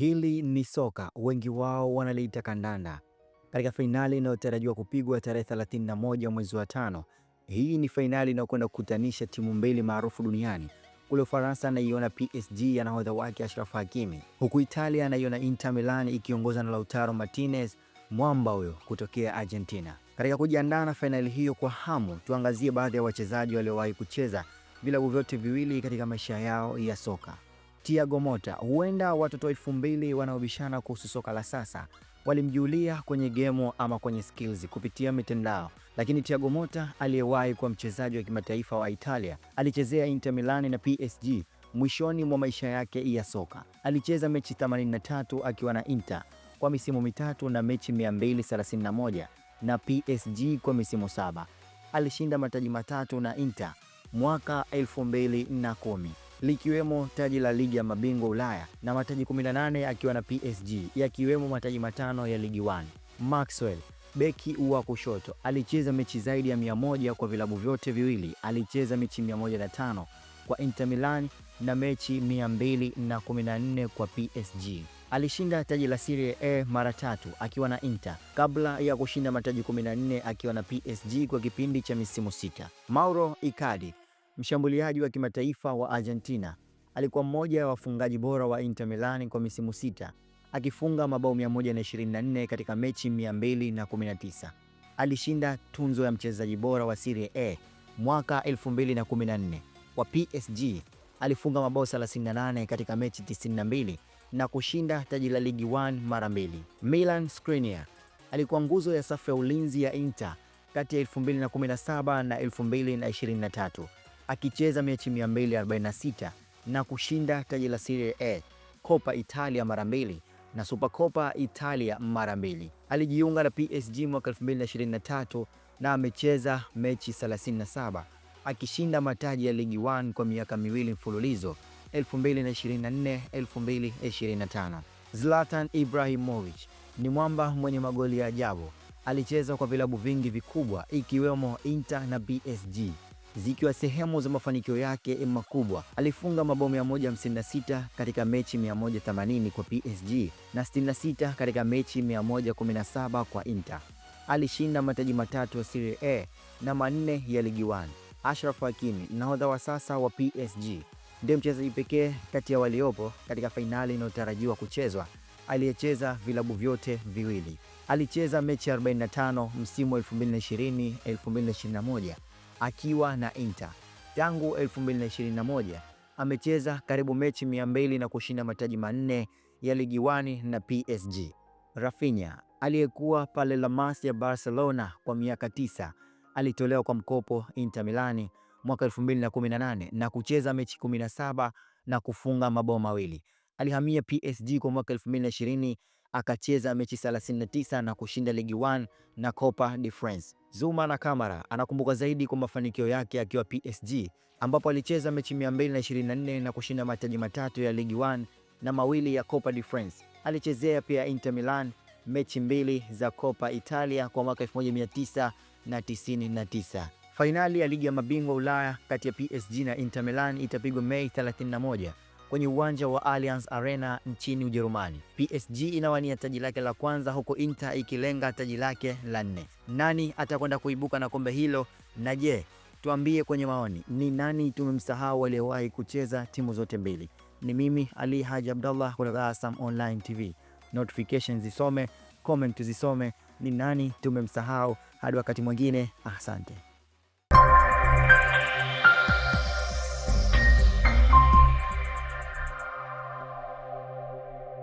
Hili ni soka, wengi wao wanaliita kandanda. Katika fainali inayotarajiwa kupigwa tarehe 31 mwezi wa tano, hii ni fainali inayokwenda kukutanisha timu mbili maarufu duniani. Kule Ufaransa anaiona PSG ya nahodha wake Ashraf Hakimi, huku Italia anaiona Inter Milan ikiongoza na Lautaro Martinez, mwamba huyo kutokea Argentina. Katika kujiandaa na fainali hiyo kwa hamu, tuangazie baadhi ya wachezaji waliowahi kucheza vilabu vyote viwili katika maisha yao ya soka tiago Motta, huenda watoto elfu mbili wanaobishana kuhusu soka la sasa walimjulia kwenye gemo ama kwenye skills kupitia mitandao, lakini tiago Motta aliyewahi kuwa mchezaji wa kimataifa wa Italia alichezea Inter Milan na PSG. Mwishoni mwa maisha yake ya soka alicheza mechi 83 akiwa na Inter kwa misimu mitatu na mechi 231 na PSG kwa misimu saba. Alishinda mataji matatu na Inter mwaka 2010 likiwemo taji la ligi ya mabingwa Ulaya na mataji 18 akiwa na PSG yakiwemo mataji matano ya ligi 1. Maxwell beki wa kushoto alicheza mechi zaidi ya moja kwa vilabu vyote viwili. Alicheza mechi 105 kwa Inter Milan na mechi 214 kwa PSG. Alishinda taji la Serie A mara tatu akiwa na Inter kabla ya kushinda mataji 14 akiwa na PSG kwa kipindi cha misimu sita. Mauro Icardi Mshambuliaji wa kimataifa wa Argentina alikuwa mmoja wa wafungaji bora wa Inter Milan kwa misimu sita, akifunga mabao 124 katika mechi 219. Alishinda tunzo ya mchezaji bora wa Serie A mwaka 2014 wa PSG. Alifunga mabao 38 katika mechi 92 na kushinda taji la Ligi 1 mara mbili. Milan Skriniar alikuwa nguzo ya safu ya ulinzi ya Inter kati ya 2017 na 2023 akicheza mechi 246 na kushinda taji la Serie A, Coppa Italia mara mbili na Supercoppa Italia mara mbili. Alijiunga na PSG mwaka 2023 na amecheza mechi 37 akishinda mataji ya Ligi 1 kwa miaka miwili mfululizo 2024, 2025. Zlatan Ibrahimovic ni mwamba mwenye magoli ya ajabu. Alicheza kwa vilabu vingi vikubwa ikiwemo Inter na PSG zikiwa sehemu za mafanikio yake e makubwa. Alifunga mabao 156 katika mechi 180 kwa PSG na 66 katika mechi 117 kwa Inter. Alishinda mataji matatu ya Serie A na manne ya Ligi 1. ashraf Hakimi, nahodha wa sasa wa PSG, ndiye mchezaji pekee kati ya waliopo katika fainali inayotarajiwa kuchezwa aliyecheza vilabu vyote viwili. Alicheza mechi 45 msimu 2020-2021 akiwa na Inter. Tangu 2021 amecheza karibu mechi 200 na kushinda mataji manne ya ligi 1 na PSG. Rafinha aliyekuwa pale La Masia ya Barcelona kwa miaka tisa alitolewa kwa mkopo Inter Milani mwaka 2018 na kucheza mechi 17 na kufunga mabao mawili. Alihamia PSG kwa mwaka 2020 akacheza mechi 39 na kushinda ligi 1 na Copa de France. Zuma na Kamara anakumbuka zaidi kwa mafanikio yake akiwa PSG ambapo alicheza mechi 224 na kushinda mataji matatu ya Ligue 1 na mawili ya Copa de France. Alichezea pia Inter Milan mechi mbili za Copa Italia kwa mwaka 1999. Fainali ya Ligi ya Mabingwa Ulaya kati ya PSG na Inter Milan itapigwa Mei 31 kwenye uwanja wa Allianz Arena nchini Ujerumani. PSG inawania taji lake la kwanza huko Inter ikilenga taji lake la nne. Nani atakwenda kuibuka na kombe hilo? Na je, tuambie kwenye maoni ni nani tumemsahau aliyewahi kucheza timu zote mbili? Ni mimi Ali Haji Abdallah kutoka Asam Online TV. Notifications zisome, comment zisome, ni nani tumemsahau. Hadi wakati mwingine, asante.